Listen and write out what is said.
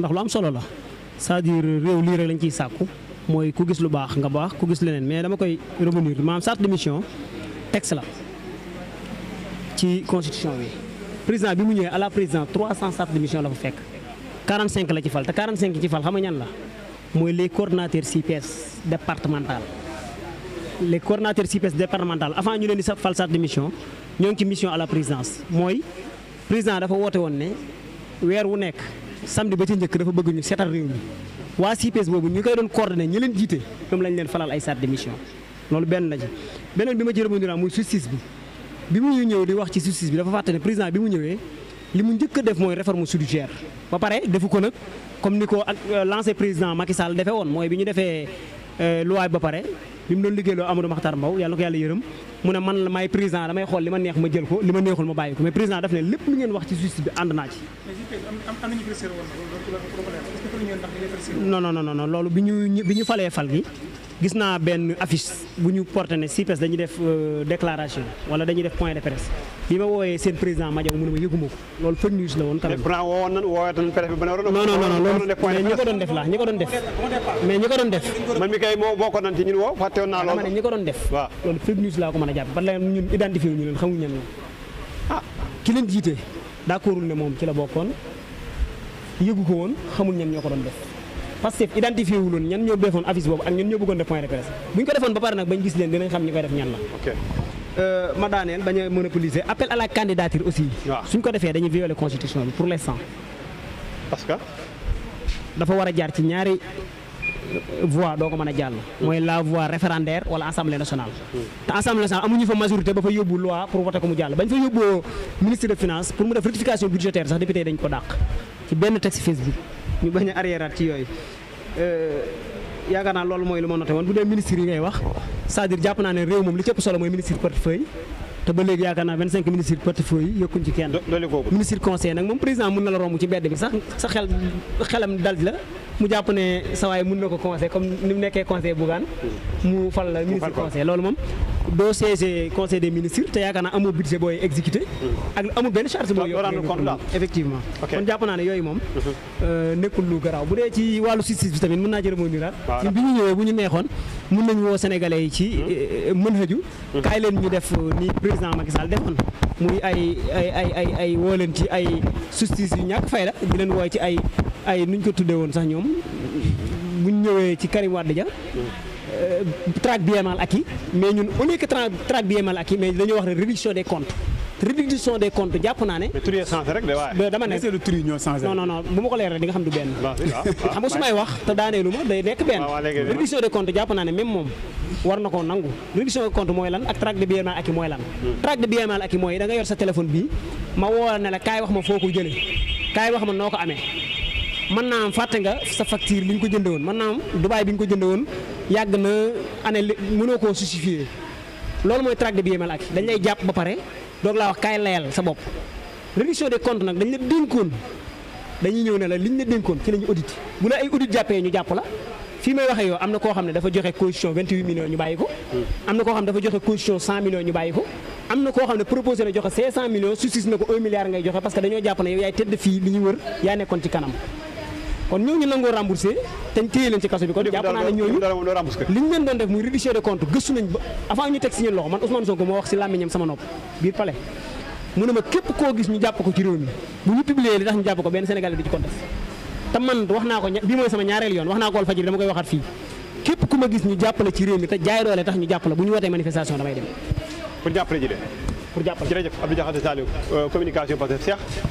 ndax lu am solo la cest à réew lii rek lañ ciy sàkku mooy ku gis lu baax nga baax ku gis leneen mais dama koy revenir maanaam charte de mission texte la ci constitution bi président bi mu ñëwee à la président 300 charte de mission la fa fekk 45 la ci fal te 45 ci fal xam nga ñan la mooy les coordonnateurs CIPES départemental les coordonnateurs CIPES départemental avant ñu leen di fal charte mission ñoo ngi ci mission à la présidence mooy président dafa woote woon ne weer wu nekk samedi ba ci njëkk dafa bëgg ñu seetal réew mi waa CIPES boobu ñu koy doon coordonné ñi leen jiite ñoom lañ leen falal ay sat de mission loolu benn la ci beneen bi ma ci rebondir muy justice bi bi mu ñëw di wax ci justice bi dafa fàtte ne président bi mu ñëwee li mu njëkk def mooy réforme judiciaire ba pare defu ko nag comme ni ko ak euh, l'ancien président Macky Sall defee woon mooy bi ñu defee euh, loi ba pare bi mu doon liggéeyloo Amadou Makhtar Mbow yàlla na ko yàlla yërëm mu ne man la maay président damay xool li ma neex ma jël ko li ma neexul ma bàyyi ko mais président daf ne lépp lu ngeen wax ci justice bi ànd naa ci. non non non loolu bi ñu bi ñu falee fal gi gis naa benn affiche bu ñu porté ne CIPES dañuy def euh, déclaration wala dañuy def point de presse bi ma wooyee seen président Madiaw mu ne ma yëguma ko loolu fake news la woon. quand même président woowoon na woowaat nañu presse bi ba ne waroon. ko doon def la ñi ko doon def. mais ñi ko doon man a jàpp ba léegi ñun identifié ñu leen xamuñu la ah ki leen jiite ne moom ci la bokkoon yëgu ko woon xamul ñan ñoo ko doon def Pastef identifié wu loon ñan ñoo defoon affiche boobu ak ñan ñoo bëggoon def point de presse bu ko defoon ba la euh, ma daaneel bañ a monopoliser appel à la candidature aussi. suñ ko defee dañuy violer constitution bi pour l'instant. parce que. dafa war a jaar ci ñaari euh, voie doo ko mën a jàll. mooy la voie référendaire wala assemblée nationale. te assemblée nationale amuñu fa majorité ba fa yóbbu loi pour voter ko mu jàll bañ fa yóbboo ministre de finance pour ñu bañ a arriéraat ci yooyu euh, yaakaar naa loolu mooy lu ma noté woon bu dee ministre yi ngay wax cest jàpp naa ne réew moom li ci solo mooy ministre portefeuille te ba léegi yaakaar naa 25 ministres portefeuille yi yokkuñ ci kenn. ministre conseil nag moom président mun na la romb ci mbedd bi sax sa xelam dal la mu jàpp ne sa mun na ko conseil loolu moom doo siégé conseil des ministres te yaakaar naa amul budget booy exécuté hmm. ak amul benn charge booy yooyu moom hmm. euh, nekkul lu garaaw bu dee ci wàllu justice bi tamit mën naa ci remoniraat ci bi ñu ñëwee bu ñu neexoon mun nañu woo sénégalais yi ci hmm. euh, mën hëju président Macky Sall defoon muy ay ay ay ay ay woo leen ci ay justice yu ñàkk fayda di leen wooy ci ay ay nuñ ko tuddee woon sax ñoom buñ ñëwee ci Karim Wade ja euh, traque biennal acquis mais ñun au lieu que traque biennal acquis mais dañoo wax ne réduction des comptes réduction des comptes jàpp naa ne. mais tur yi changé rek de waaye. dama nekk lu tur yi ñoo changé. non non non bu ma di nga xam du benn. xam nga su wax te daaneelu ma day nekk benn. réduction des comptes jàpp naa ne même moom war na koo nangu. réduction des comptes mooy lan ak traque de biens mooy lan. Hmm. traque de biens mooy da nga yor sa téléphone bii ma woo ne la kaay wax ma foo ko jëlee kaay wax ma noo ko amee. mën naa am fàtte nga sa facture li nga ko jënde woon mën naa am Dubaay bi mooy traque de biens mal acquis dañ lay ba pare doog laa wax kaay layal sa bopp reddition des comptes nag dañ la dénkoon dañuy ñëw ne liñ la dénkoon ci la ñu audit bu la ay audit jàppee ñu jàpp la fii may waxee yow am na koo xam ne dafa joxe caution 28 ñu bàyyi ko. am na koo xam ne dafa ko. am na koo xam ne proposé na joxe 500 millions susis na ko 1 milliard ngay joxe parce que dañoo jàpp ne yow yaay tëdd fii li ñu wër yaa nekkoon ci kanam. kon ñooñu nangoo remboursé te ñu leen ci kaso bi kon jàpp naa ne ñooñu li ñu doon def muy réduction de compte gëstu nañ ba avant ñu teg si ñun loxo man Ousmane Sonko moo wax si làmmiñam sama nopp biir palais mu ne ma koo gis ñu jàpp ko ci réew mi bu ñu publier li tax ñu jàpp ko benn Sénégalais du ci contesté te man wax naa ko bii mooy sama ñaareel yoon wax naa ko wal fajiri dama koy waxaat fii képp ku ma gis ñu jàppale ci réew mi te jaay doole tax bu ñu wootee manifestation damay dem pour jàppale ji de pour jàppale jërëjëf Abdou Diakhaté Saliou euh, communication Pastef